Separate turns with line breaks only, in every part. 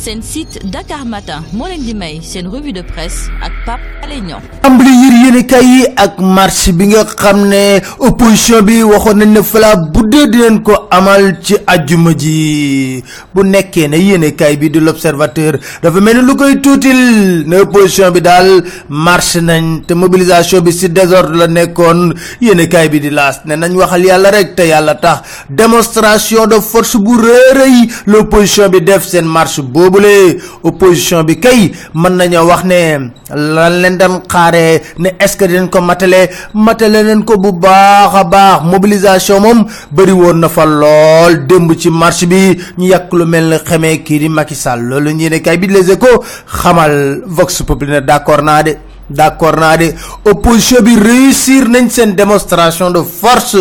seen site Dakar Matin moo leen di may seen revue de presse ak Pape Alé Niang ambali yéenekaay yi ak marche bi nga xam ne opposition bi waxoon nañ ne fala bu dee dinañ ko amal ci ajjuma ji bu nekkee ne yéenekaay bi di l'observateur dafa mel ni lu koy tuutil ne opposition bi daal marche nañ te mobilisation bi ci désordre la nekkoon yéenekaay bi di laas ne nañ waxal yàlla rek te yàlla tax démonstration de force bu rëy l'opposition bi def seen marche boobule opposition bi kay mën nañoo wax ne lan leen dem xaaree ne est-ce que dinañ ko matale matale leen ko bu baax a baax mobilisation moom bëri woon na fa lool démb ci marche bi ñu yàq lu mel ne xamee kii di Macky Sall loolu ñu ne kay bi les échos xamal Vox Populi ne d'accord naa de. d'accord naa de opposition bi réussir nañ seen démonstration de force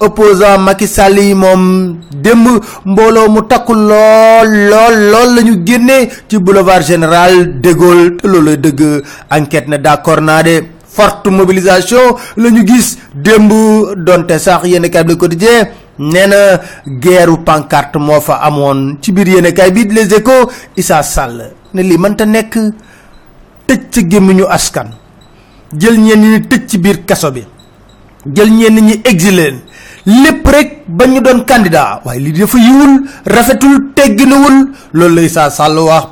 opposant Macky Sall yi moom démb mbooloo mu takku lool lool lool lañu ñu génnee ci boulevard général de Gaulle te loolu dëgg enquête na d'accord naa de forte mobilisation lañu gis démb donte sax yenn kay bi Le Quotidien nee na guerru pancarte moo fa amoon ci biir yenn kay bi Les Échos isaa Sall ne lii mënta nekk tëj ci gémmiñu askan jël ñenn ñi tëj ci biir kaso bi jël ñenn ñi exilé lépp rek ba ñu doon candidat waaye li dafa yiwul rafetul tegginawul loolu lay saa sàll wax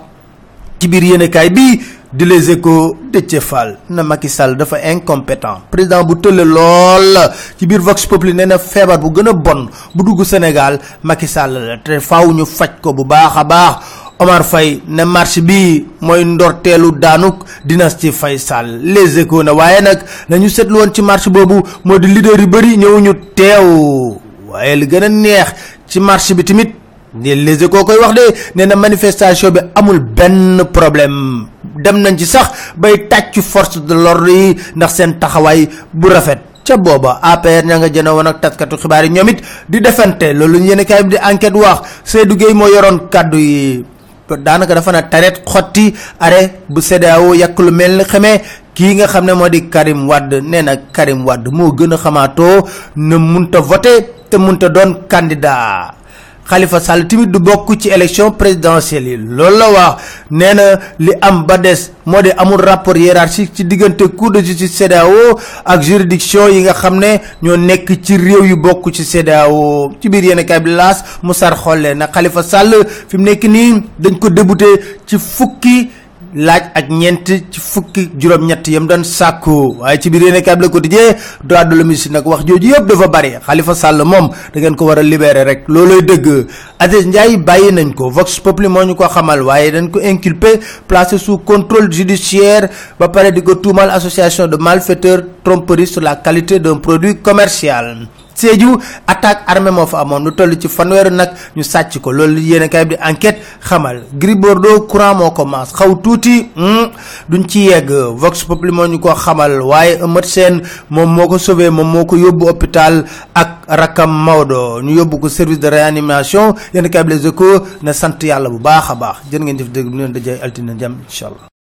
ci biir yéenekaay bi di les échos Déthié Fall na Macky Sall dafa incompétent président bu tële lool ci biir Vox Populi nee na feebar bu gën a bon bu dugg Sénégal Macky Sall la te faaw ñu faj ko bu baax a baax Omar fay ne marche bi mooy ndorteelu daanuk dynastie fay Sall les na waaye nag la ñu seetlu woon ci marche boobu moo di leader yu bëri ñëwuñu teew waaye li gën a neex ci marche bi tamit ne les échos koy wax de nee na manifestation bi amul benn problème dem nañ ci sax bay tàcc force de l'ordre yi ndax seen taxawaay bu rafet ca booba APR ña nga jën a woon ak taskatu xibaar yi ñoom it di defante loolu yéen a kaay bi di enquête wax Seydou Gueye moo yoroon kàddu yi daanaka dafa na taret xotti arrêt bu CEDEAO yàq lu mel na xamee kii nga xam ne moo di Karim Wade nee na Karim Wade moo gën a xamaatoo na munta vote te munta doon candidat xalifa Sall tamit du bokk ci élection présidentielle yi loolu la wax nee na li am ba des moo di amul rapport hiérarchique ci diggante cour de justice CEDEAO ak juridiction yi nga xam ne ñoo nekk ci réew yu bokk ci CEDEAO ci biir yéen kay bi laas mu sar xolle na Khalifa Sall fi mu nekk nii dañ ko débouté ci fukki laaj ak ñeent ci fukki juróom-ñett yam doon sàkku waaye ci biir yéen a Le Quotidien droit de l'homme nag wax jooju yëpp dafa bari xalifa sàll moom dangeen ko war a libérer rek loolooy dëgg Aziz yi bàyyi nañ ko Vox Populi moo ñu ko xamal waaye dañ ko inculpé placé su contrôle judiciaire ba pare di ko tuumal association de malfaiteurs tromperie sur la qualité d'un produit commercial. Sédhiou attaque armée moo fa amoon lu toll ci fanweeri nag ñu sàcc ko loolu yéen kay bi di xamal Gris Bordeaux courant moo commence xaw tuuti hmm, duñ ci yegg Vox Populi moo ñu ko xamal waaye Eumeu seen moom moo ko sovee moom moo ko yóbbu hôpital ak rakkam Maodo ñu yóbbu ko service de réanimation yéen kay bi Les Échos na sant yàlla bu baax a baax jën ngeen jëf dégg bu leen dajee altine jàmm incha allah